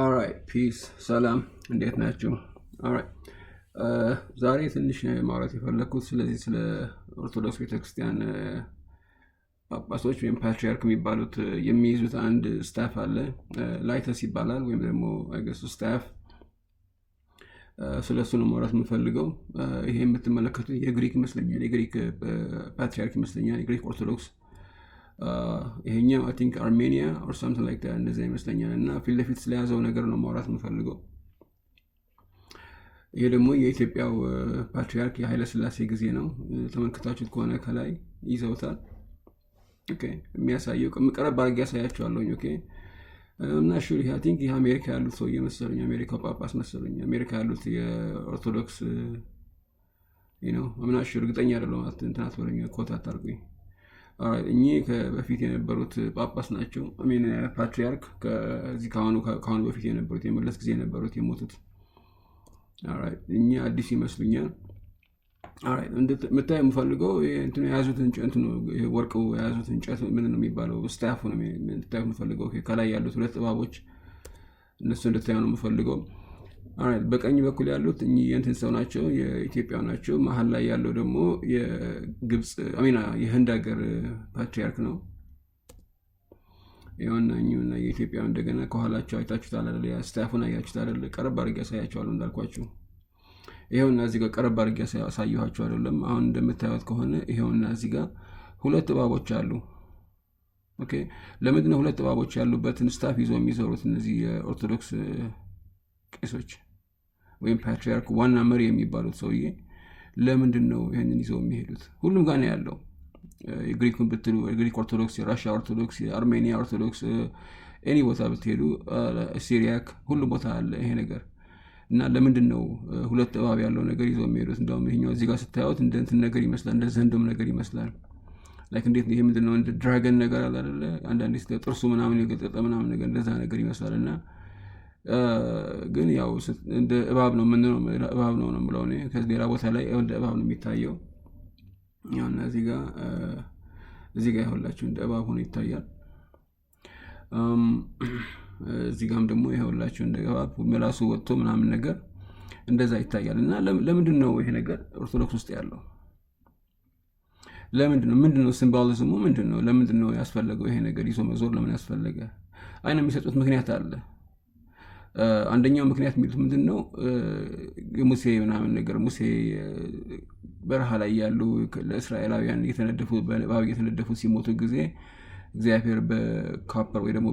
አራይ ፒስ ሰላም፣ እንዴት ናችሁ? አራይ uh, ዛሬ ትንሽ ማውራት የፈለግኩት ስለዚህ ስለ ኦርቶዶክስ ቤተክርስቲያን uh, ጳጳሶች ወይም ፓትሪያርክ የሚባሉት የሚይዙት አንድ ስታፍ አለ፣ ላይተስ uh, ይባላል ወይም ደግሞ አይገሱ ስታፍ። ስለ እሱ ነው ማውራት የምፈልገው። ይሄ የምትመለከቱት የግሪክ ይመስለኛል፣ የግሪክ ፓትሪያርክ ይመስለኛል፣ የግሪክ ኦርቶዶክስ ይሄኛው አይ ቲንክ አርሜኒያ ኦር ሳምቲንግ ላይክ እንደዚ ይመስለኛል እና ፊት ለፊት ስለያዘው ነገር ነው ማውራት የምፈልገው ይሄ ደግሞ የኢትዮጵያው ፓትሪያርክ የኃይለ ስላሴ ጊዜ ነው ተመልክታችሁት ከሆነ ከላይ ይዘውታል የሚያሳየው ቅምቀረብ አድርጌ ያሳያቸዋለኝ እና ሹ ይ ቲንክ ይህ አሜሪካ ያሉት ሰው እየመሰሉኝ አሜሪካው ጳጳስ መሰሉኝ አሜሪካ ያሉት የኦርቶዶክስ ነው ምናሽ እርግጠኛ አይደለሁም እንትን በለኝ ኮታ አታርጉኝ እኚህ በፊት የነበሩት ጳጳስ ናቸው። አሜን ፓትሪያርክ ከዚህ ከአሁኑ በፊት የነበሩት የመለስ ጊዜ የነበሩት የሞቱት እኚህ አዲስ ይመስሉኛል። ምታይ የምፈልገው እንትኑ የያዙት እንጨት ነው ወርቅ የያዙት እንጨት ምን ነው የሚባለው? ስታፍ ነው ምታይ የምፈልገው ከላይ ያሉት ሁለት ጥባቦች እነሱ እንድታዩ ነው የምፈልገው። በቀኝ በኩል ያሉት እኚህ የእንትን ሰው ናቸው፣ የኢትዮጵያ ናቸው። መሀል ላይ ያለው ደግሞ የግብፅ ሚና የህንድ ሀገር ፓትሪያርክ ነው። የሆና እኚሁና የኢትዮጵያ እንደገና ከኋላቸው አይታችሁታል አይደለ? ስታፉን አያችሁት አይደለ? ቀረብ አድርጌ ያሳያቸዋለሁ እንዳልኳችሁ። ይኸውና እዚህ ጋር ቀረብ አድርጌ ያሳየኋቸው አይደለም። አሁን እንደምታዩት ከሆነ ይኸውና እዚህ ጋር ሁለት እባቦች አሉ። ኦኬ፣ ለምንድነው ሁለት እባቦች ያሉበትን ስታፍ ይዞ የሚዞሩት እነዚህ የኦርቶዶክስ ቄሶች ወይም ፓትሪያርክ ዋና መሪ የሚባሉት ሰውዬ ለምንድን ነው ይህንን ይዘው የሚሄዱት? ሁሉም ጋር ነው ያለው። የግሪክን ብትሉ የግሪክ ኦርቶዶክስ፣ የራሽያ ኦርቶዶክስ፣ የአርሜኒያ ኦርቶዶክስ፣ ኤኒ ቦታ ብትሄዱ ሲሪያክ፣ ሁሉም ቦታ አለ ይሄ ነገር እና ለምንድን ነው ሁለት እባብ ያለው ነገር ይዘው የሚሄዱት? እንደውም ይኸኛው እዚጋ ስታዩት እንደንትን ነገር ይመስላል፣ እንደ ዘንዶም ነገር ይመስላል። ላይክ እንዴት ይሄ እንደ ድራገን ነገር አለ አይደለ? ጥርሱ ምናምን የገጠጠ ምናምን ነገር እንደዛ ነገር ይመስላል እና ግን ያው እንደ እባብ ነው ነው እባብ ነው ነው የምለው ሌላ ቦታ ላይ እንደ እባብ ነው የሚታየው እና እዚህ ጋር እዚህ ጋር ይኸውላችሁ እንደ እባብ ሆኖ ይታያል። እዚህ ጋም ደግሞ ይኸውላችሁ እንደ እባብ ምላሱ ወጥቶ ምናምን ነገር እንደዛ ይታያል። እና ለምንድን ነው ይሄ ነገር ኦርቶዶክስ ውስጥ ያለው? ለምንድን ነው ምንድን ነው ሲምባሊዝሙ ምንድን ነው? ለምንድን ነው ያስፈለገው ይሄ ነገር ይዞ መዞር ለምን ያስፈለገ? አይነ የሚሰጡት ምክንያት አለ አንደኛው ምክንያት የሚሉት ምንድን ነው? ሙሴ ምናምን ነገር ሙሴ በረሃ ላይ ያሉ ለእስራኤላውያን በእባብ እየተነደፉ ሲሞቱ ጊዜ እግዚአብሔር በካፐር ወይ ደግሞ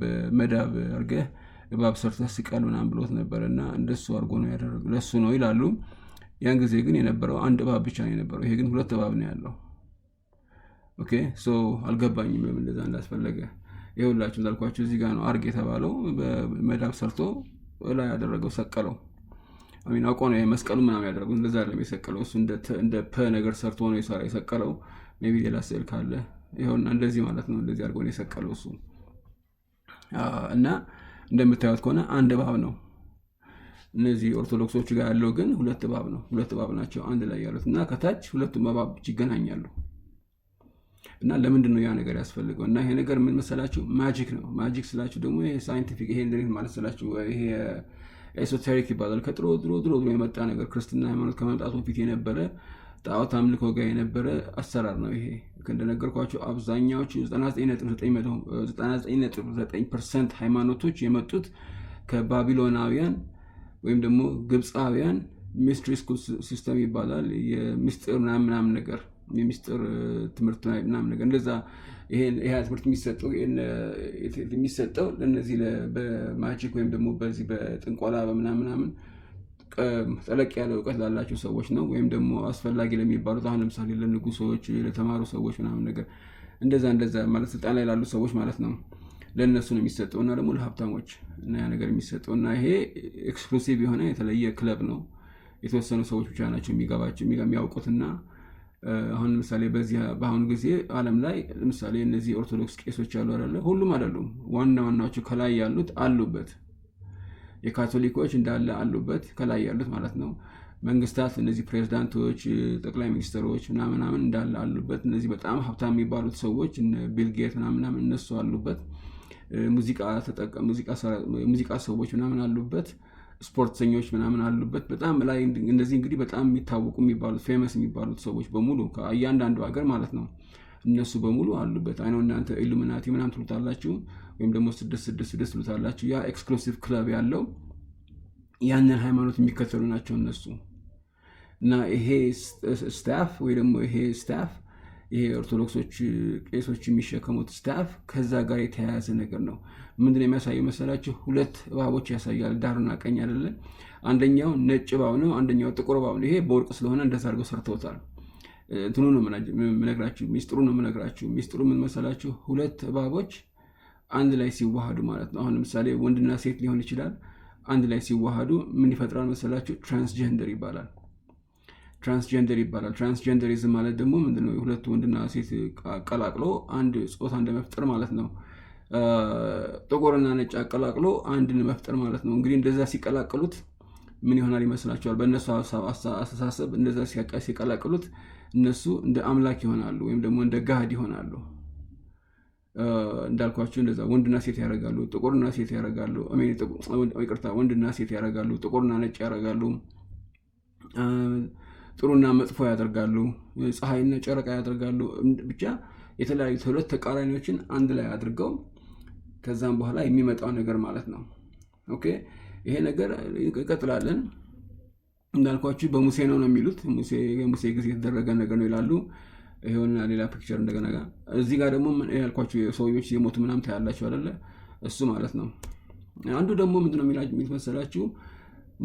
በመዳብ አድርገህ እባብ ሰርተህ ስቀል ምናምን ብሎት ነበረ እና እንደሱ አድርጎ ነው ያደረገው ለሱ ነው ይላሉ። ያን ጊዜ ግን የነበረው አንድ እባብ ብቻ ነው የነበረው። ይሄ ግን ሁለት እባብ ነው ያለው። ኦኬ ሶ አልገባኝም፣ ለምን እንደዛ እንዳስፈለገ ይሁላችሁ እንዳልኳቸው እዚህ ጋር ነው አርግ የተባለው መዳብ ሰርቶ ላይ ያደረገው ሰቀለው አሚን አቆ ነው መስቀሉ ምናምን ያደረጉት እንደዛ አይደለም የሰቀለው እሱ እንደ ፐ ነገር ሰርቶ ነው የሰራ የሰቀለው ቢ ሌላ ስዕል ካለ ይኸውና እንደዚህ ማለት ነው እንደዚህ አድርጎ ነው የሰቀለው እሱ እና እንደምታዩት ከሆነ አንድ ባብ ነው እነዚህ ኦርቶዶክሶቹ ጋር ያለው ግን ሁለት ባብ ነው ሁለት ባብ ናቸው አንድ ላይ ያሉት እና ከታች ሁለቱም እባቦች ይገናኛሉ እና ለምንድን ነው ያ ነገር ያስፈልገው? እና ይሄ ነገር ምን መሰላችሁ ማጂክ ነው። ማጂክ ስላችሁ ደግሞ ይሄ ሳይንቲፊክ ይሄ እንዴት ማለት ስላችሁ ይሄ ኤሶቴሪክ ይባላል። ከድሮ ድሮ ድሮ የመጣ ነገር ክርስትና ሃይማኖት ከመምጣቱ በፊት የነበረ ጣዖት አምልኮ ጋር የነበረ አሰራር ነው። ይሄ እንደነገርኳቸው አብዛኛዎቹ 99.9 ፐርሰንት ሃይማኖቶች የመጡት ከባቢሎናውያን ወይም ደግሞ ግብፃውያን ሚስትሪ ስኩል ሲስተም ይባላል። የሚስጥር ምናምን ምናምን ነገር የሚስጥር ትምህርት ምናምን ነገር እንደዛ ይሄ ትምህርት የሚሰጠው ለነዚህ በማጂክ ወይም ደግሞ በዚህ በጥንቆላ በምናምናምን ጠለቅ ያለ እውቀት ላላቸው ሰዎች ነው። ወይም ደግሞ አስፈላጊ ለሚባሉት አሁን ለምሳሌ ለንጉሶች፣ ለተማሩ ሰዎች ምናምን ነገር እንደዛ እንደዛ ማለት ስልጣን ላይ ላሉ ሰዎች ማለት ነው። ለእነሱ ነው የሚሰጠው እና ደግሞ ለሀብታሞች እና ያ ነገር የሚሰጠው እና ይሄ ኤክስክሉሲቭ የሆነ የተለየ ክለብ ነው። የተወሰኑ ሰዎች ብቻ ናቸው የሚገባቸው የሚያውቁትና አሁን ለምሳሌ በዚህ በአሁኑ ጊዜ አለም ላይ ለምሳሌ እነዚህ ኦርቶዶክስ ቄሶች ያሉ አለ ሁሉም አይደሉም። ዋና ዋናዎቹ ከላይ ያሉት አሉበት። የካቶሊኮች እንዳለ አሉበት፣ ከላይ ያሉት ማለት ነው። መንግስታት፣ እነዚህ ፕሬዚዳንቶች፣ ጠቅላይ ሚኒስትሮች ምናምናምን እንዳለ አሉበት። እነዚህ በጣም ሀብታ የሚባሉት ሰዎች ቢልጌት ምናምናምን እነሱ አሉበት። ሙዚቃ ሰዎች ምናምን አሉበት። ስፖርተኞች ምናምን አሉበት። በጣም ላይ እንደዚህ እንግዲህ በጣም የሚታወቁ የሚባሉት ፌመስ የሚባሉት ሰዎች በሙሉ ከእያንዳንዱ ሀገር ማለት ነው እነሱ በሙሉ አሉበት። አይነው እናንተ ኢሉሚናቲ ምናምን ትሉታላችሁ ወይም ደግሞ ስድስት ስድስት ስድስት ትሉታላችሁ። ያ ኤክስክሉሲቭ ክለብ ያለው ያንን ሃይማኖት የሚከተሉ ናቸው እነሱ እና ይሄ ስታፍ ወይ ደግሞ ይሄ ስታፍ ይሄ ኦርቶዶክሶች ቄሶች የሚሸከሙት ስታፍ ከዛ ጋር የተያያዘ ነገር ነው። ምንድን የሚያሳየው መሰላችሁ? ሁለት እባቦች ያሳያል። ዳርና ቀኝ አይደለ? አንደኛው ነጭ እባብ ነው፣ አንደኛው ጥቁር እባብ ነው። ይሄ በወርቅ ስለሆነ እንደዛ አድርገው ሰርተውታል። እንትኑ ነው የምነግራችሁ፣ ሚስጥሩ ነው የምነግራችሁ። ሚስጥሩ ምን መሰላችሁ? ሁለት እባቦች አንድ ላይ ሲዋሃዱ ማለት ነው። አሁን ለምሳሌ ወንድና ሴት ሊሆን ይችላል። አንድ ላይ ሲዋሃዱ ምን ይፈጥራል መሰላችሁ? ትራንስጀንደር ይባላል። ትራንስጀንደር ይባላል። ትራንስጀንደሪዝም ማለት ደግሞ ምንድነው? የሁለቱ ወንድና ሴት አቀላቅሎ አንድ ጾታ እንደመፍጠር ማለት ነው። ጥቁርና ነጭ አቀላቅሎ አንድን መፍጠር ማለት ነው። እንግዲህ እንደዛ ሲቀላቀሉት ምን ይሆናል ይመስላቸዋል? በእነሱ አስተሳሰብ እንደዛ ሲቀላቅሉት እነሱ እንደ አምላክ ይሆናሉ፣ ወይም ደግሞ እንደ ጋህድ ይሆናሉ። እንዳልኳቸው እንደዛ ወንድና ሴት ያደረጋሉ ጥቁርና ሴት ያደርጋሉ። ቅርታ ወንድና ሴት ያደርጋሉ፣ ጥቁርና ነጭ ያደረጋሉ። ጥሩና መጥፎ ያደርጋሉ፣ ፀሐይና ጨረቃ ያደርጋሉ። ብቻ የተለያዩ ሁለት ተቃራኒዎችን አንድ ላይ አድርገው ከዛም በኋላ የሚመጣው ነገር ማለት ነው። ኦኬ ይሄ ነገር ይቀጥላለን። እንዳልኳችሁ በሙሴ ነው ነው የሚሉት ሙሴ ጊዜ የተደረገ ነገር ነው ይላሉ። ይሆንና ሌላ ፒክቸር እንደገና ጋር እዚህ ጋር ደግሞ ያልኳቸው ሰዎች የሞቱ ምናምን ታያላቸው አለ እሱ ማለት ነው። አንዱ ደግሞ ምንድነው የሚል መሰላችሁ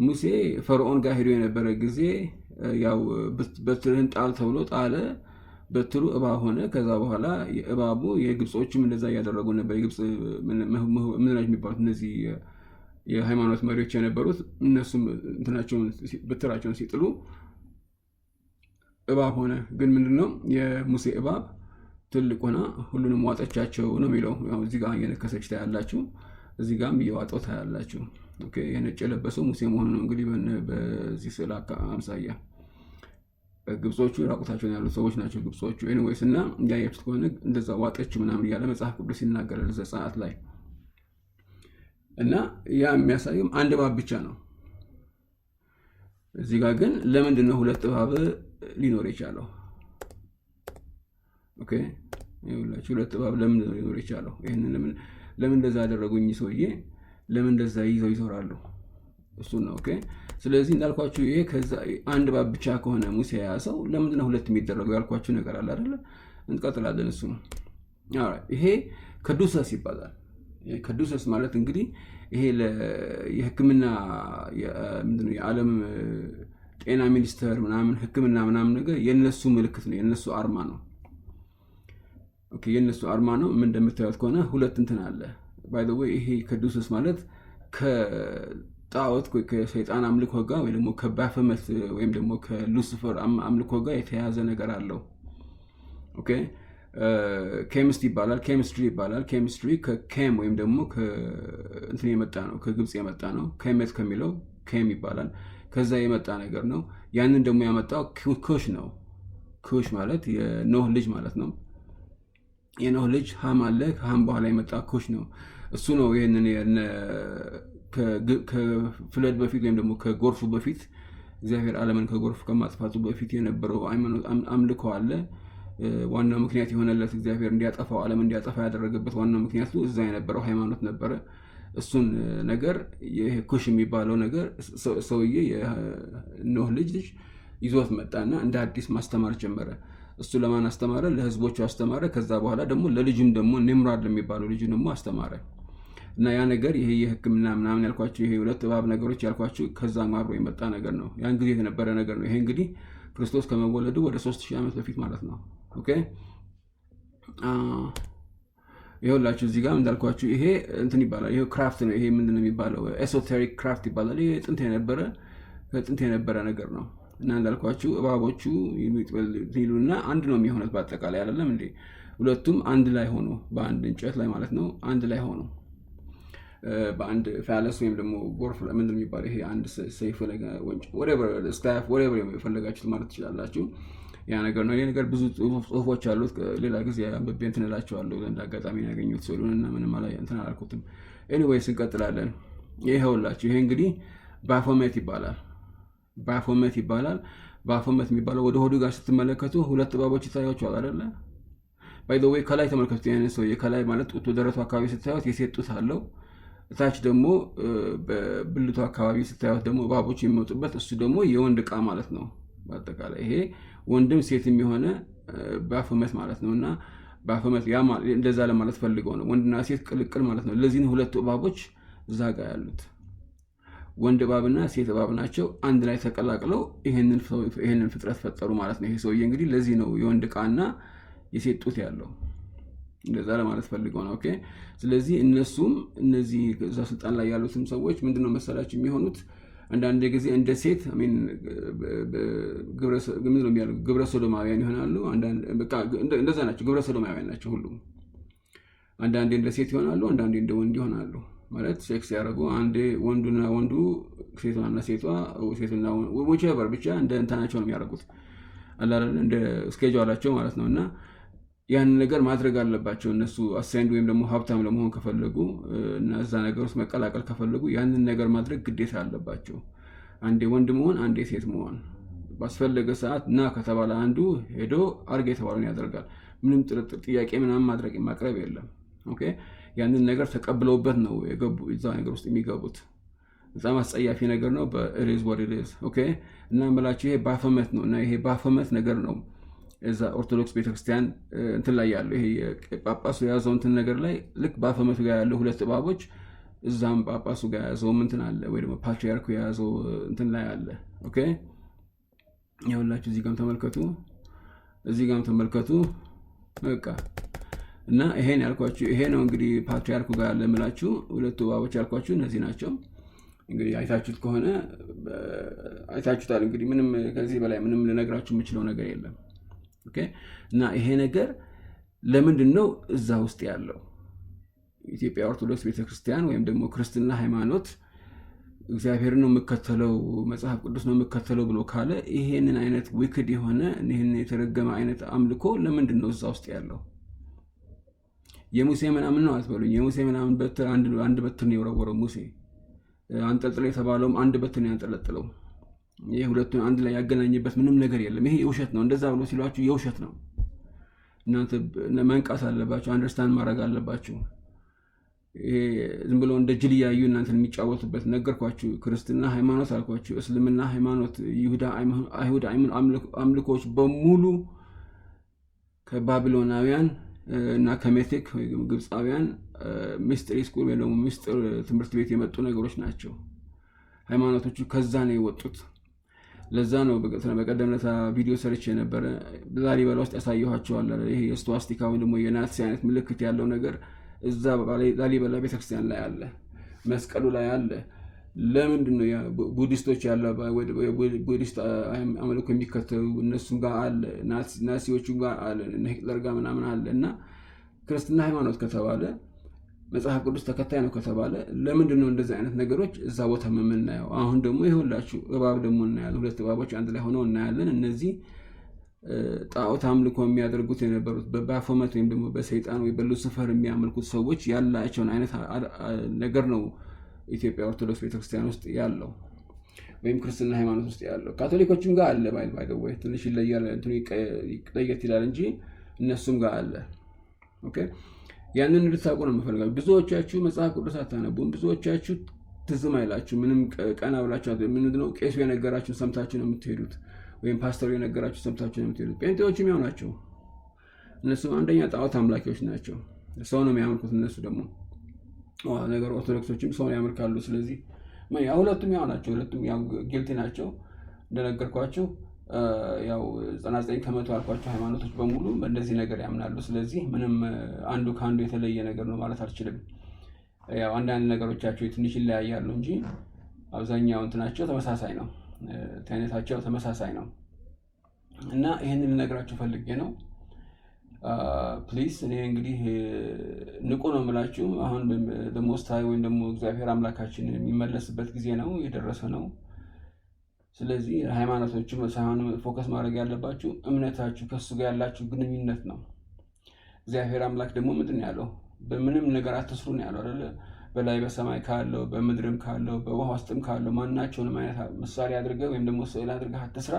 ሙሴ ፈርዖን ጋር ሄዶ የነበረ ጊዜ ያው በትርህን ጣል ተብሎ ጣለ። በትሩ እባብ ሆነ። ከዛ በኋላ እባቡ የግብፆችም እንደዛ እያደረጉ ነበር። የግብፅ የሚባሉት እነዚህ የሃይማኖት መሪዎች የነበሩት እነሱም እንትናቸውን በትራቸውን ሲጥሉ እባብ ሆነ። ግን ምንድን ነው የሙሴ እባብ ትልቅ ሆና ሁሉንም ዋጠቻቸው ነው የሚለው። እዚህ ጋር እየነከሰች ታያላችሁ፣ እዚህ ጋም እየዋጠው ታያላችሁ። የነጭ የለበሰው ሙሴ መሆኑ ነው። እንግዲህ በዚህ ስዕል አምሳያ ግብጾቹ ራቁታቸውን ያሉት ሰዎች ናቸው። ግብጾቹ ኤኒዌይስ እና ያየብት ከሆነ እንደዛ ዋጠች ምናምን እያለ መጽሐፍ ቅዱስ ይናገራል ሰዓት ላይ እና ያ የሚያሳየውም አንድ እባብ ብቻ ነው። እዚህ ጋር ግን ለምንድን ነው ሁለት እባብ ሊኖር የቻለው? ሁለት እባብ ለምን ሊኖር የቻለው? ይህንን ለምን እንደዛ ያደረጉኝ ሰውዬ ለምን እንደዛ ይዘው ይዞራሉ? እሱ ነው። ኦኬ። ስለዚህ እንዳልኳችሁ ይሄ ከዛ አንድ ባብ ብቻ ከሆነ ሙሴ ያሰው ለምንድን ነው ሁለት የሚደረገው ያልኳችሁ ነገር አለ አይደለ? እንቀጥላለን። እሱ ነው ይሄ ከዱሰስ ይባላል። ከዱሰስ ማለት እንግዲህ ይሄ የህክምና ምንድነው የዓለም ጤና ሚኒስቴር ምናምን ህክምና ምናምን ነገር የነሱ ምልክት ነው፣ የነሱ አርማ ነው። የነሱ አርማ ነው። ምን እንደምታዩት ከሆነ ሁለት እንትን አለ ባይዘወይ ይሄ ከዱስስ ማለት ከጣዖት ከሰይጣን አምልኮ ጋር ወይ ደግሞ ከባፈመት ወይም ደግሞ ከሉስፈር አምልኮ ጋር የተያያዘ ነገር አለው። ኦኬ ኬሚስት ይባላል። ኬሚስትሪ ይባላል። ኬሚስትሪ ከኬም ወይም ደግሞ እንትን የመጣ ነው፣ ከግብፅ የመጣ ነው። ኬሜት ከሚለው ኬም ይባላል። ከዛ የመጣ ነገር ነው። ያንን ደግሞ ያመጣው ክሽ ነው። ክሽ ማለት የኖህ ልጅ ማለት ነው። የኖህ ልጅ ሀም አለ። ከሀም በኋላ የመጣ ክሽ ነው። እሱ ነው ይህንን ከፍለድ በፊት ወይም ደግሞ ከጎርፉ በፊት እግዚአብሔር ዓለምን ከጎርፍ ከማጥፋቱ በፊት የነበረው አምልኮ አለ። ዋናው ምክንያት የሆነለት እግዚአብሔር እንዲያጠፋው ዓለም እንዲያጠፋ ያደረገበት ዋናው ምክንያቱ እዛ የነበረው ሃይማኖት ነበረ። እሱን ነገር ኩሽ የሚባለው ነገር ሰውዬ የኖህ ልጅ ልጅ ይዞት መጣና እንደ አዲስ ማስተማር ጀመረ። እሱ ለማን አስተማረ? ለህዝቦቹ አስተማረ። ከዛ በኋላ ደግሞ ለልጁም ደግሞ ኔምራድ የሚባለው ልጁ ደግሞ አስተማረ። እና ያ ነገር ይሄ የህክምና ምናምን ያልኳቸው ይሄ ሁለት እባብ ነገሮች ያልኳቸው ከዛ አብሮ የመጣ ነገር ነው። ያን ጊዜ የተነበረ ነገር ነው። ይሄ እንግዲህ ክርስቶስ ከመወለዱ ወደ ሶስት ሺህ ዓመት በፊት ማለት ነው። ኦኬ ይኸውላችሁ እዚህ ጋር እንዳልኳችሁ ይሄ እንትን ይባላል። ይሄ ክራፍት ነው። ይሄ ምንድን ነው የሚባለው? ኤሶቴሪክ ክራፍት ይባላል። ይሄ ጥንት የነበረ ጥንት የነበረ ነገር ነው እና እንዳልኳችሁ እባቦቹ ይሉና አንድ ነው የሚሆነት በአጠቃላይ አይደለም እንዴ? ሁለቱም አንድ ላይ ሆኖ በአንድ እንጨት ላይ ማለት ነው አንድ ላይ ሆኖ በአንድ ፋለስ ወይም ደግሞ ጎርፍ ምንድ የሚባለው ይሄ አንድ ሰይፍ ስታፍ ወሬቨር የፈለጋችሁት ማለት ትችላላችሁ። ያ ነገር ነው። ይህ ነገር ብዙ ጽሁፎች አሉት። ሌላ ጊዜ አንብቤ እንትን እላቸዋለሁ። ዘንድ አጋጣሚ ያገኙት ስሉን እና ምንም እንትን አላልኩትም። ኤኒዌይስ እንቀጥላለን። ይኸውላችሁ ይሄ እንግዲህ ባፎመት ይባላል። ባፎመት ይባላል። ባፎመት የሚባለው ወደ ሆዱ ጋር ስትመለከቱ ሁለት እባቦች ይታያችኋል አይደለ? ባይ ዘ ወይ ከላይ ተመልከቱት። ይህን ሰውዬ ከላይ ማለት ጡቱ ደረቱ አካባቢ ስታዩት የሴት ጡት አለው እታች ደግሞ በብልቱ አካባቢ ስታዩት ደግሞ እባቦች የሚወጡበት እሱ ደግሞ የወንድ እቃ ማለት ነው። በአጠቃላይ ይሄ ወንድም ሴት የሆነ በአፈመት ማለት ነው እና በአፈመት እንደዛ ለማለት ፈልገው ነው። ወንድና ሴት ቅልቅል ማለት ነው። ለዚህ ሁለቱ እባቦች እዛ ጋ ያሉት ወንድ እባብና ሴት እባብ ናቸው። አንድ ላይ ተቀላቅለው ይህንን ፍጥረት ፈጠሩ ማለት ነው። ይሄ ሰውዬ እንግዲህ ለዚህ ነው የወንድ እቃና የሴት ጡት ያለው። እንደዛ ለማለት ፈልገው ነው። ኦኬ። ስለዚህ እነሱም እነዚህ እዛ ስልጣን ላይ ያሉትም ሰዎች ምንድነው መሰላቸው የሚሆኑት አንዳንድ ጊዜ እንደ ሴት ግብረ ሶዶማውያን ይሆናሉ። እንደዛ ናቸው፣ ግብረ ሶዶማውያን ናቸው ሁሉ አንዳንዴ እንደ ሴት ይሆናሉ፣ አንዳንዴ እንደ ወንድ ይሆናሉ። ማለት ሴክስ ያደረጉ አንዴ ወንዱና ወንዱ፣ ሴቷና ሴቷ፣ ሴትና ዊችቨር ብቻ እንደ እንተናቸው ነው የሚያደርጉት፣ አላለ እንደ ስኬጅ አላቸው ማለት ነው እና ያንን ነገር ማድረግ አለባቸው። እነሱ አሳይንድ ወይም ደግሞ ሀብታም ለመሆን ከፈለጉ እና እዛ ነገር ውስጥ መቀላቀል ከፈለጉ ያንን ነገር ማድረግ ግዴታ አለባቸው። አንዴ ወንድ መሆን፣ አንዴ ሴት መሆን። ባስፈለገ ሰዓት እና ከተባለ አንዱ ሄዶ አርግ የተባለን ያደርጋል። ምንም ጥርጥር፣ ጥያቄ ምናምን ማድረግ ማቅረብ የለም። ኦኬ ያንን ነገር ተቀብለውበት ነው የገቡ እዛ ነገር ውስጥ የሚገቡት። በጣም አስጸያፊ ነገር ነው። በሬዝ ወሬዝ ሬዝ እና መላቸው ይሄ ባፈመት ነው እና ይሄ ባፈመት ነገር ነው እዛ ኦርቶዶክስ ቤተክርስቲያን እንትን ላይ ያለው ይሄ ጳጳሱ የያዘው እንትን ነገር ላይ ልክ በአፈመቱ ጋር ያለው ሁለት እባቦች እዛም ጳጳሱ ጋር ያዘው እንትን አለ ወይ ደግሞ ፓትሪያርኩ የያዘው እንትን ላይ አለ። ኦኬ ይኸውላችሁ እዚህ ጋም ተመልከቱ፣ እዚህ ጋም ተመልከቱ። በቃ እና ይሄን ያልኳችሁ ይሄ ነው እንግዲህ ፓትሪያርኩ ጋር ያለ የምላችሁ ሁለቱ እባቦች ያልኳችሁ እነዚህ ናቸው። እንግዲህ አይታችሁት ከሆነ አይታችሁታል። እንግዲህ ምንም ከዚህ በላይ ምንም ልነግራችሁ የምችለው ነገር የለም። እና ይሄ ነገር ለምንድን ነው እዛ ውስጥ ያለው? ኢትዮጵያ ኦርቶዶክስ ቤተክርስቲያን ወይም ደግሞ ክርስትና ሃይማኖት እግዚአብሔርን ነው የምከተለው፣ መጽሐፍ ቅዱስ ነው የምከተለው ብሎ ካለ ይሄንን አይነት ዊክድ የሆነ ይህን የተረገመ አይነት አምልኮ ለምንድን ነው እዛ ውስጥ ያለው? የሙሴ ምናምን ነው አትበሉኝ። የሙሴ ምናምን በትር አንድ በትር ነው የወረወረው ሙሴ። አንጠልጥለው የተባለውም አንድ በትር ነው ያንጠለጥለው ይህ ሁለቱን አንድ ላይ ያገናኘበት ምንም ነገር የለም። ይሄ የውሸት ነው። እንደዛ ብሎ ሲሏችሁ የውሸት ነው። እናንተ መንቃት አለባችሁ። አንደርስታንድ ማድረግ አለባቸው። ዝም ብሎ እንደ ጅል እያዩ እናንተን የሚጫወቱበት ነገርኳችሁ። ክርስትና ሃይማኖት አልኳችሁ፣ እስልምና ሃይማኖት፣ ይሁዳ አይሁድ አምልኮች በሙሉ ከባቢሎናውያን እና ከሜቴክ ግብፃውያን ምስጢር ስኩል ወይ ደግሞ ምስጢር ትምህርት ቤት የመጡ ነገሮች ናቸው። ሃይማኖቶቹ ከዛ ነው የወጡት። ለዛ ነው በቀደም ለታ ቪዲዮ ሰርች የነበረ ላሊበላ ውስጥ ያሳየኋቸዋለ። ይሄ የስቶዋስቲካ ወይ ደግሞ የናሲ አይነት ምልክት ያለው ነገር እዛ ላሊበላ ቤተክርስቲያን ላይ አለ፣ መስቀሉ ላይ አለ። ለምንድን ነው ቡዲስቶች ያለ ቡዲስት የሚከተሉ እነሱም ጋር አለ፣ ናሲዎቹ ጋር አለ፣ ሂትለር ጋር ምናምን አለ እና ክርስትና ሃይማኖት ከተባለ መጽሐፍ ቅዱስ ተከታይ ነው ከተባለ ለምንድን ነው እንደዚህ አይነት ነገሮች እዛ ቦታ የምናየው? አሁን ደግሞ ይሁላችሁ እባብ ደግሞ እናያለን። ሁለት እባቦች አንድ ላይ ሆነው እናያለን። እነዚህ ጣዖት አምልኮ የሚያደርጉት የነበሩት በባፎመት ወይም ደግሞ በሰይጣን ወይ በሉስፈር የሚያመልኩት ሰዎች ያላቸውን አይነት ነገር ነው ኢትዮጵያ ኦርቶዶክስ ቤተክርስቲያን ውስጥ ያለው ወይም ክርስትና ሃይማኖት ውስጥ ያለው ካቶሊኮችም ጋር አለ ባይል ባይ ወይ ትንሽ ይለያል ለየት ይላል እንጂ እነሱም ጋር አለ ኦኬ ያንን ልታውቁ ነው የምፈልጋችሁ። ብዙዎቻችሁ መጽሐፍ ቅዱስ አታነቡም። ብዙዎቻችሁ ትዝም አይላችሁ። ምንም ቀና ብላችሁ ነው ቄሱ የነገራችሁ ሰምታችሁ ነው የምትሄዱት፣ ወይም ፓስተሩ የነገራችሁ ሰምታችሁ ነው የምትሄዱት። ጴንጤዎችም ያው ናቸው። እነሱ አንደኛ ጣዖት አምላኪዎች ናቸው። ሰው ነው የሚያመልኩት። እነሱ ደግሞ ነገር ኦርቶዶክሶችም ሰው ያመልካሉ። ስለዚህ ሁለቱም ያው ናቸው። ሁለቱም ጊልቲ ናቸው እንደነገርኳቸው ያው 99 ከመቶ ያልኳቸው ሃይማኖቶች በሙሉ እንደዚህ ነገር ያምናሉ። ስለዚህ ምንም አንዱ ከአንዱ የተለየ ነገር ነው ማለት አልችልም። ያው አንዳንድ ነገሮቻቸው ትንሽ ይለያያሉ እንጂ አብዛኛው እንትናቸው ተመሳሳይ ነው፣ አይነታቸው ተመሳሳይ ነው እና ይህንን ልነግራችሁ ፈልጌ ነው። ፕሊስ እኔ እንግዲህ ንቁ ነው የምላችሁ። አሁን ደሞስታይ ወይም ደግሞ እግዚአብሔር አምላካችን የሚመለስበት ጊዜ ነው፣ የደረሰ ነው። ስለዚህ ሃይማኖቶቹ ሳይሆን ፎከስ ማድረግ ያለባችሁ እምነታችሁ ከሱ ጋር ያላችሁ ግንኙነት ነው። እግዚአብሔር አምላክ ደግሞ ምንድን ያለው? በምንም ነገር አትስሩ ነው ያለው አይደለ? በላይ በሰማይ ካለው በምድርም ካለው በውሃ ውስጥም ካለው ማናቸውንም አይነት ምሳሌ አድርገህ ወይም ደግሞ ስዕል አድርገህ አትስራ፣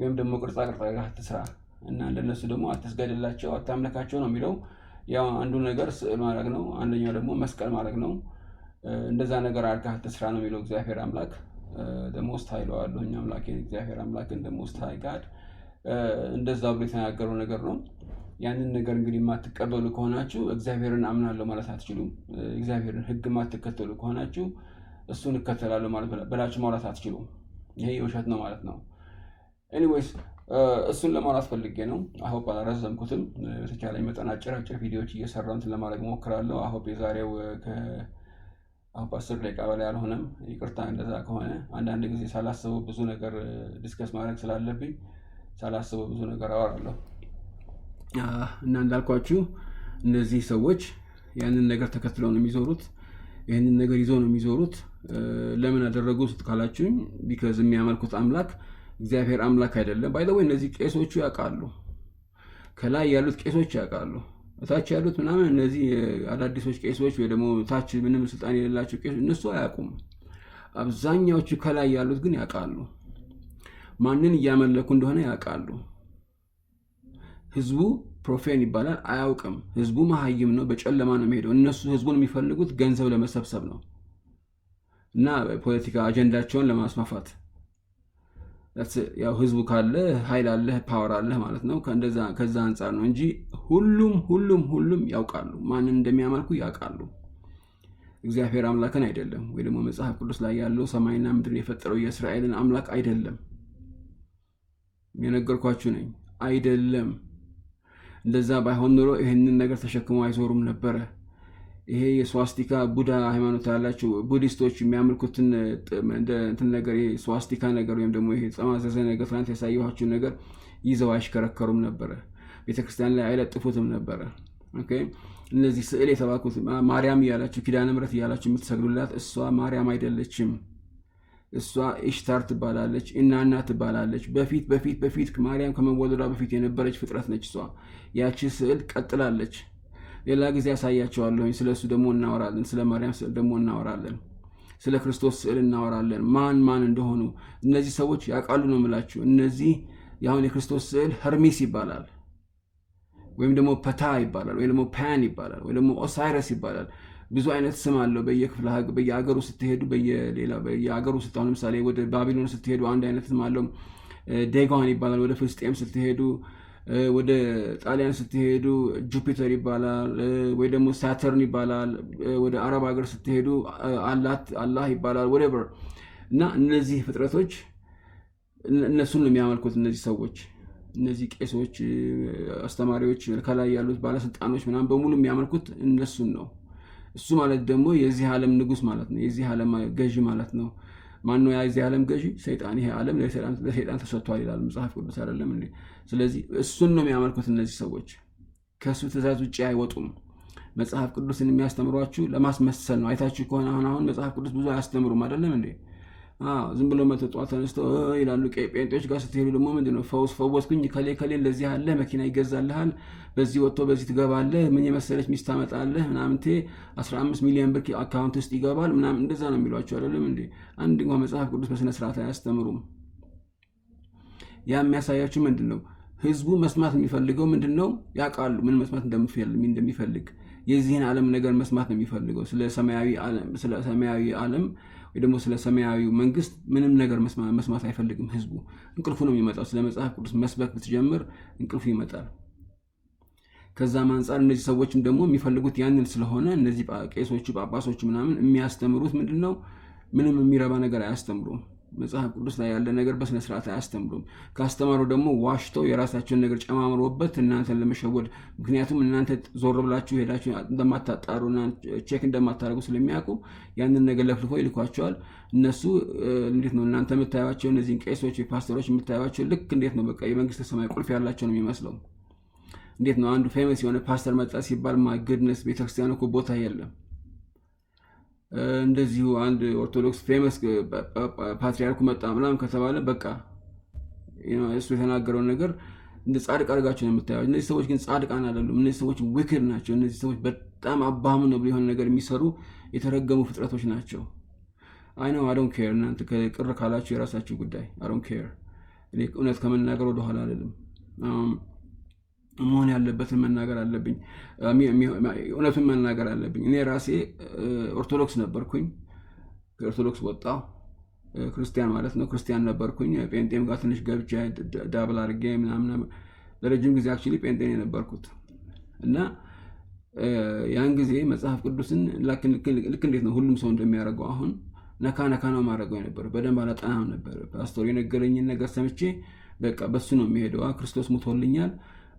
ወይም ደግሞ ቅርጻ ቅርጽ አድርገህ አትስራ እና እንደነሱ ደግሞ አትስገድላቸው፣ አታምለካቸው ነው የሚለው። ያው አንዱ ነገር ስዕል ማድረግ ነው፣ አንደኛው ደግሞ መስቀል ማድረግ ነው። እንደዛ ነገር አድርገህ አትስራ ነው የሚለው እግዚአብሔር አምላክ። ሞስት ሃይ ለዋለሁ አምላኬን እግዚአብሔር አምላክን ሞስት ሃይ እንደዛ ብሎ የተናገረው ነገር ነው። ያንን ነገር እንግዲህ የማትቀበሉ ከሆናችሁ እግዚአብሔርን አምናለሁ ማለት አትችሉም። እግዚአብሔርን ህግ የማትከተሉ ከሆናችሁ እሱን እከተላለሁ ማለት በላችሁ ማውራት አትችሉም። ይሄ የውሸት ነው ማለት ነው። ኤኒዌይስ እሱን ለማውራት ፈልጌ ነው። አሆፕ አላረዘምኩትም። በተቻለኝ መጠን አጭር አጭር ቪዲዮዎች እየሰራሁትን ለማድረግ ሞክራለሁ። አሆፕ የዛሬው አስር ደቂቃ በላይ አልሆነም። ይቅርታ እንደዛ ከሆነ አንዳንድ ጊዜ ሳላስበው ብዙ ነገር ዲስከስ ማድረግ ስላለብኝ ሳላስበው ብዙ ነገር አወራለሁ እና እንዳልኳችሁ እነዚህ ሰዎች ያንን ነገር ተከትለው ነው የሚዞሩት። ይህንን ነገር ይዘው ነው የሚዞሩት። ለምን አደረጉ ስትካላችሁኝ፣ ቢከዝ የሚያመልኩት አምላክ እግዚአብሔር አምላክ አይደለም። ባይዘወይ እነዚህ ቄሶቹ ያውቃሉ፣ ከላይ ያሉት ቄሶች ያውቃሉ። እታች ያሉት ምናምን እነዚህ አዳዲሶች ቄሶች ወይ ደግሞ ታች ምንም ስልጣን የሌላቸው ቄሶች እነሱ አያውቁም። አብዛኛዎቹ ከላይ ያሉት ግን ያውቃሉ። ማንን እያመለኩ እንደሆነ ያውቃሉ። ህዝቡ ፕሮፌን ይባላል፣ አያውቅም። ህዝቡ መሀይም ነው፣ በጨለማ ነው የሚሄደው። እነሱ ህዝቡን የሚፈልጉት ገንዘብ ለመሰብሰብ ነው እና ፖለቲካ አጀንዳቸውን ለማስፋፋት ያው ህዝቡ ካለ ኃይል አለህ ፓወር አለህ ማለት ነው። ከዛ አንጻር ነው እንጂ ሁሉም ሁሉም ሁሉም ያውቃሉ፣ ማንን እንደሚያመልኩ ያውቃሉ። እግዚአብሔር አምላክን አይደለም ወይ ደግሞ መጽሐፍ ቅዱስ ላይ ያለው ሰማይና ምድርን የፈጠረው የእስራኤልን አምላክ አይደለም። የነገርኳችሁ ነኝ አይደለም። እንደዛ ባይሆን ኑሮ ይህንን ነገር ተሸክሞ አይዞሩም ነበረ። ይሄ የስዋስቲካ ቡዳ ሃይማኖት ያላቸው ቡዲስቶች የሚያመልኩትን እንትን ነገር ስዋስቲካ ነገር ወይም ደግሞ ይሄ ጠማዘዘ ነገር ትናንት ያሳየኋችሁን ነገር ይዘው አይሽከረከሩም ነበረ። ቤተክርስቲያን ላይ አይለጥፉትም ነበረ። እነዚህ ስዕል የተባኩት ማርያም እያላችሁ ኪዳነ ምሕረት እያላችሁ የምትሰግዱላት እሷ ማርያም አይደለችም። እሷ ኢሽታር ትባላለች፣ እናና ትባላለች። በፊት በፊት በፊት ማርያም ከመወለዷ በፊት የነበረች ፍጥረት ነች። እሷ ያቺ ስዕል ቀጥላለች። ሌላ ጊዜ ያሳያቸዋለሁ። ስለ እሱ ደግሞ እናወራለን። ስለ ማርያም ስዕል ደግሞ እናወራለን። ስለ ክርስቶስ ስዕል እናወራለን። ማን ማን እንደሆኑ እነዚህ ሰዎች ያውቃሉ ነው ምላችሁ እነዚህ የአሁን የክርስቶስ ስዕል ሄርሜስ ይባላል ወይም ደግሞ ፐታ ይባላል ወይ ደግሞ ፓን ይባላል ወይ ደግሞ ኦሳይረስ ይባላል። ብዙ አይነት ስም አለው። በየክፍለ በየአገሩ ስትሄዱ በየሌላ በየአገሩ ለምሳሌ ወደ ባቢሎን ስትሄዱ አንድ አይነት ስም አለው። ዴጋን ይባላል። ወደ ፍልስጤም ስትሄዱ ወደ ጣሊያን ስትሄዱ ጁፒተር ይባላል ወይ ደግሞ ሳተርን ይባላል። ወደ አረብ ሀገር ስትሄዱ አላት አላህ ይባላል። ወደቨር እና እነዚህ ፍጥረቶች እነሱን ነው የሚያመልኩት እነዚህ ሰዎች እነዚህ ቄሶች፣ አስተማሪዎች፣ ከላይ ያሉት ባለስልጣኖች ምናምን በሙሉ የሚያመልኩት እነሱን ነው። እሱ ማለት ደግሞ የዚህ ዓለም ንጉስ ማለት ነው። የዚህ ዓለም ገዢ ማለት ነው። ማን ነው የዚህ ዓለም ገዢ? ሰይጣን። ይሄ ዓለም ለሰይጣን ተሰጥቷል ይላል መጽሐፍ ቅዱስ አይደለም እንዴ? ስለዚህ እሱን ነው የሚያመልኩት እነዚህ ሰዎች። ከእሱ ትእዛዝ ውጭ አይወጡም። መጽሐፍ ቅዱስን የሚያስተምሯችሁ ለማስመሰል ነው። አይታችሁ ከሆነ አሁን አሁን መጽሐፍ ቅዱስ ብዙ አያስተምሩም አይደለም እንዴ? ዝም ብሎ መቶ ጠዋት ተነስቶ ይላሉ። ጴንጤዎች ጋር ስትሄዱ ደግሞ ምንድን ነው ፈውስ ፈወስኩኝ ከሌ ከሌ እንደዚህ አለ መኪና ይገዛልሃል፣ በዚህ ወጥቶ በዚህ ትገባለህ፣ ምን የመሰለች ሚስት ታመጣለህ፣ ምናምንቴ 15 ሚሊዮን ብር አካውንት ውስጥ ይገባል ምናምን፣ እንደዛ ነው የሚሏቸው አይደለም እንዴ? አንድ እንኳ መጽሐፍ ቅዱስ በስነ ስርዓት አያስተምሩም። ያ የሚያሳያችሁ ምንድን ነው? ህዝቡ መስማት የሚፈልገው ምንድን ነው? ያውቃሉ ምን መስማት እንደሚፈልግ። የዚህን ዓለም ነገር መስማት ነው የሚፈልገው ስለ ሰማያዊ ዓለም ወይ ደግሞ ስለ ሰማያዊ መንግስት ምንም ነገር መስማት አይፈልግም ህዝቡ። እንቅልፉ ነው የሚመጣው። ስለ መጽሐፍ ቅዱስ መስበክ ብትጀምር እንቅልፉ ይመጣል። ከዛም አንጻር እነዚህ ሰዎችም ደግሞ የሚፈልጉት ያንን ስለሆነ እነዚህ ቄሶቹ፣ ጳጳሶቹ ምናምን የሚያስተምሩት ምንድን ነው? ምንም የሚረባ ነገር አያስተምሩም። መጽሐፍ ቅዱስ ላይ ያለ ነገር በስነ ስርዓት አያስተምሩም። ካስተማሩ ደግሞ ዋሽተው የራሳቸውን ነገር ጨማምሮበት እናንተን ለመሸወድ ምክንያቱም እናንተ ዞር ብላችሁ ሄዳችሁ እንደማታጣሩ ቼክ እንደማታደርጉ ስለሚያውቁ ያንን ነገር ለፍልፎ ይልኳቸዋል። እነሱ እንዴት ነው እናንተ የምታዩቸው እነዚህን ቄሶች፣ ፓስተሮች የምታዩቸው ልክ እንዴት ነው በቃ የመንግስት ሰማይ ቁልፍ ያላቸው ነው የሚመስለው። እንዴት ነው አንዱ ፌመስ የሆነ ፓስተር መጣ ሲባል ማይ ጉድነስ ቤተክርስቲያን እኮ ቦታ የለም እንደዚሁ አንድ ኦርቶዶክስ ፌመስ ፓትሪያርኩ መጣ ምናምን ከተባለ በቃ እሱ የተናገረውን ነገር እንደ ጻድቅ አድርጋቸው ነው የምታየው። እነዚህ ሰዎች ግን ጻድቃን አይደሉም። እነዚህ ሰዎች ውክድ ናቸው። እነዚህ ሰዎች በጣም አባም ነው የሆነ ነገር የሚሰሩ የተረገሙ ፍጥረቶች ናቸው። ነው አዶን ኬር እናንተ ቅር ካላችሁ የራሳችሁ ጉዳይ። አዶን ኬር እውነት ከመናገር ወደኋላ አይደለም። መሆን ያለበትን መናገር አለብኝ፣ እውነቱን መናገር አለብኝ። እኔ ራሴ ኦርቶዶክስ ነበርኩኝ፣ ከኦርቶዶክስ ወጣ ክርስቲያን ማለት ነው። ክርስቲያን ነበርኩኝ። ጴንጤም ጋር ትንሽ ገብቻ ዳብል አርጌ ምናምን ለረጅም ጊዜ አክ ጴንጤን የነበርኩት እና ያን ጊዜ መጽሐፍ ቅዱስን ልክ እንዴት ነው ሁሉም ሰው እንደሚያደርገው አሁን ነካ ነካ ነው ማድረገው የነበረ በደንብ አላጠናም ነበር። ፓስቶር የነገረኝን ነገር ሰምቼ በቃ በሱ ነው የሚሄደዋ ክርስቶስ ሙቶልኛል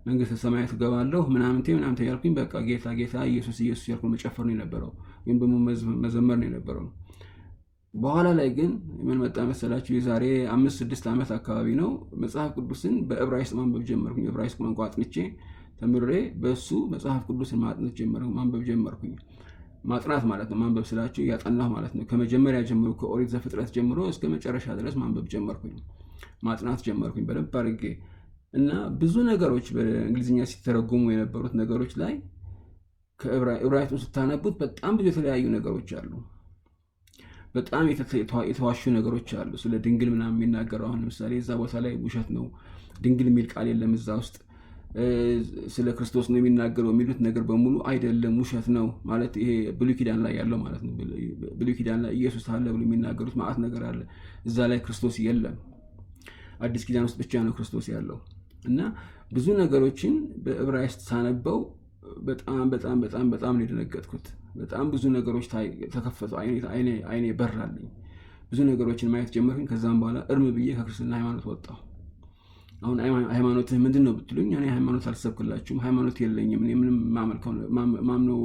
መንግስተ ሰማያት እገባለሁ ምናምን ምናምን ያልኩኝ በቃ ጌታ ጌታ ኢየሱስ ኢየሱስ ያልኩ መጨፈር ነው የነበረው፣ ወይም ደግሞ መዘመር ነው የነበረው። በኋላ ላይ ግን ምን መጣ መሰላችሁ? የዛሬ አምስት ስድስት ዓመት አካባቢ ነው መጽሐፍ ቅዱስን በዕብራይስጥ ማንበብ ጀመርኩኝ። ዕብራይስጥ ቋንቋ አጥንቼ ተምሬ በእሱ መጽሐፍ ቅዱስን ማጥናት ጀመርኩ፣ ማንበብ ጀመርኩኝ። ማጥናት ማለት ነው ማንበብ ስላችሁ እያጠናሁ ማለት ነው። ከመጀመሪያ ጀምሮ ከኦሪት ዘፍጥረት ጀምሮ እስከ መጨረሻ ድረስ ማንበብ ጀመርኩኝ፣ ማጥናት ጀመርኩኝ በደንብ አድርጌ እና ብዙ ነገሮች በእንግሊዝኛ ሲተረጉሙ የነበሩት ነገሮች ላይ ከዕብራይስጡን ስታነቡት በጣም ብዙ የተለያዩ ነገሮች አሉ። በጣም የተዋሹ ነገሮች አሉ። ስለ ድንግል ምናምን የሚናገረው አሁን ለምሳሌ እዛ ቦታ ላይ ውሸት ነው፣ ድንግል የሚል ቃል የለም እዛ ውስጥ። ስለ ክርስቶስ ነው የሚናገረው የሚሉት ነገር በሙሉ አይደለም፣ ውሸት ነው ማለት ይሄ ብሉይ ኪዳን ላይ ያለው ማለት ነው። ብሉይ ኪዳን ላይ ኢየሱስ አለ ብሎ የሚናገሩት ማአት ነገር አለ። እዛ ላይ ክርስቶስ የለም። አዲስ ኪዳን ውስጥ ብቻ ነው ክርስቶስ ያለው። እና ብዙ ነገሮችን በዕብራይስጥ ሳነበው በጣም በጣም በጣም በጣም የደነገጥኩት። በጣም ብዙ ነገሮች ተከፈቱ፣ አይኔ በራልኝ፣ ብዙ ነገሮችን ማየት ጀመርኩኝ። ከዛም በኋላ እርም ብዬ ከክርስትና ሃይማኖት ወጣሁ። አሁን ሃይማኖትህ ምንድን ነው ብትሉኝ፣ እኔ ሃይማኖት አልሰብክላችሁም። ሃይማኖት የለኝም። እኔ ምንም ማምነው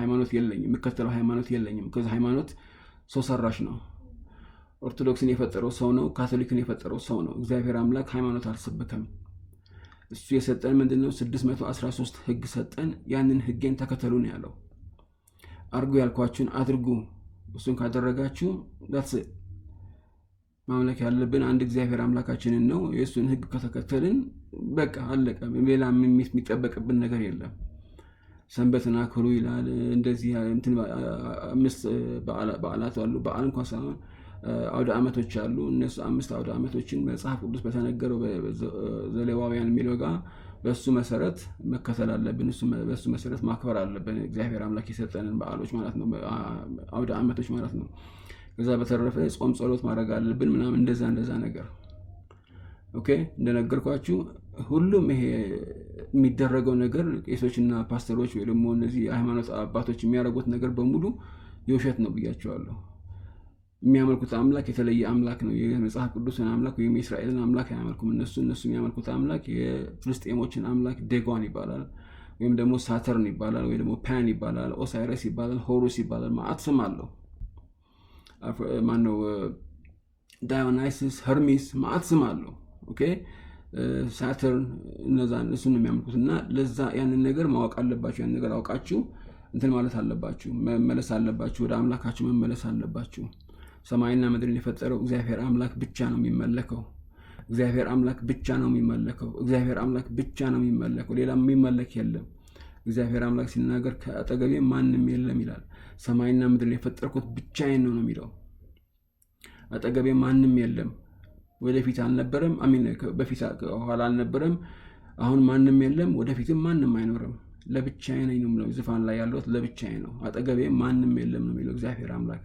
ሃይማኖት የለኝም። የምከተለው ሃይማኖት የለኝም። ከዚ ሃይማኖት ሰው ሰራሽ ነው። ኦርቶዶክስን የፈጠረው ሰው ነው። ካቶሊክን የፈጠረው ሰው ነው። እግዚአብሔር አምላክ ሃይማኖት አልሰበከም። እሱ የሰጠን ምንድነው? 613 ህግ ሰጠን። ያንን ህጌን ተከተሉ ነው ያለው። አርጉ ያልኳችሁን አድርጉ። እሱን ካደረጋችሁ ዳስ ማምለክ ያለብን አንድ እግዚአብሔር አምላካችንን ነው። የእሱን ህግ ከተከተልን በቃ አለቀ። ሌላ የሚጠበቅብን ነገር የለም። ሰንበትን አክሉ ይላል። እንደዚህ አምስት በዓላት አሉ። በዓል እንኳን ሳይሆን አውደ ዓመቶች አሉ። እነሱ አምስት አውደ ዓመቶችን መጽሐፍ ቅዱስ በተነገረው ዘሌዋውያን የሚለው ጋ በሱ መሰረት መከተል አለብን። በሱ መሰረት ማክበር አለብን። እግዚአብሔር አምላክ የሰጠንን በዓሎች ማለት ነው፣ አውደ ዓመቶች ማለት ነው። ከዛ በተረፈ ጾም፣ ጸሎት ማድረግ አለብን ምናምን እንደዛ እንደዛ ነገር ኦኬ። እንደነገርኳችሁ ሁሉም ይሄ የሚደረገው ነገር ቄሶችና ፓስተሮች ወይ ደግሞ እነዚህ የሃይማኖት አባቶች የሚያደርጉት ነገር በሙሉ የውሸት ነው ብያቸዋለሁ። የሚያመልኩት አምላክ የተለየ አምላክ ነው። የመጽሐፍ ቅዱስን አምላክ ወይም የእስራኤልን አምላክ አያመልኩም። እነሱ እነሱ የሚያመልኩት አምላክ የፍልስጤሞችን አምላክ ደጓን ይባላል፣ ወይም ደግሞ ሳተርን ይባላል፣ ወይ ደግሞ ፓን ይባላል፣ ኦሳይረስ ይባላል፣ ሆሩስ ይባላል። ማአት ስም አለው። ማነው ዳዮናይስስ፣ ሄርሚስ ማአት ስም አለው። ኦኬ ሳተርን፣ እነዛ እሱን ነው የሚያመልኩት። እና ለዛ ያንን ነገር ማወቅ አለባችሁ። ያንን ነገር አውቃችሁ እንትን ማለት አለባችሁ፣ መመለስ አለባችሁ፣ ወደ አምላካችሁ መመለስ አለባችሁ። ሰማይና ምድርን የፈጠረው እግዚአብሔር አምላክ ብቻ ነው የሚመለከው። እግዚአብሔር አምላክ ብቻ ነው የሚመለከው። እግዚአብሔር አምላክ ብቻ ነው የሚመለከው። ሌላ የሚመለክ የለም። እግዚአብሔር አምላክ ሲናገር ከአጠገቤ ማንም የለም ይላል። ሰማይና ምድርን የፈጠርኩት ብቻዬን ነው ነው የሚለው። አጠገቤ ማንም የለም። ወደፊት አልነበረም፣ በፊት ኋላ አልነበረም፣ አሁን ማንም የለም፣ ወደፊትም ማንም አይኖርም። ለብቻዬ ነኝ ነው ዙፋን ላይ ያለት ለብቻዬ ነው። አጠገቤ ማንም የለም ነው የሚለው እግዚአብሔር አምላክ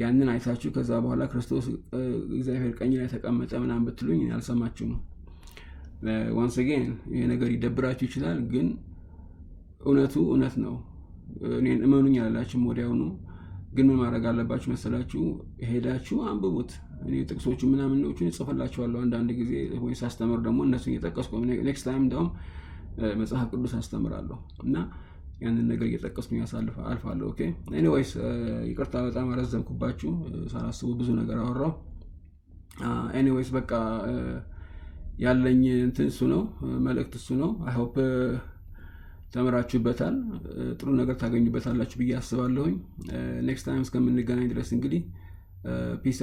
ያንን አይታችሁ ከዛ በኋላ ክርስቶስ እግዚአብሔር ቀኝ ላይ ተቀመጠ ምናምን ብትሉኝ ነው ዋንስ ጌን ይሄ ነገር ይደብራችሁ ይችላል፣ ግን እውነቱ እውነት ነው። እኔን እመኑኝ ያላላችሁም ወዲያውኑ ግን ምን ማድረግ አለባችሁ መሰላችሁ? ሄዳችሁ አንብቡት። እኔ ጥቅሶቹ ምናምኖቹን እጽፍላችኋለሁ አንዳንድ ጊዜ ወይ ሳስተምር ደግሞ እነሱን እየጠቀስኩ ኔክስት ታይም እንዲሁም መጽሐፍ ቅዱስ አስተምራለሁ እና ያንን ነገር እየጠቀስኩ ያሳልፍ አልፋለሁ። ኤኒዌይስ ይቅርታ በጣም አረዘምኩባችሁ፣ ሳላስቡ ብዙ ነገር አወራው። ኤኒዌይስ በቃ ያለኝ እንትን እሱ ነው፣ መልእክት እሱ ነው። አይሆፕ ተምራችሁበታል፣ ጥሩ ነገር ታገኙበታላችሁ ብዬ አስባለሁኝ። ኔክስት ታይም እስከምንገናኝ ድረስ እንግዲህ ፒስ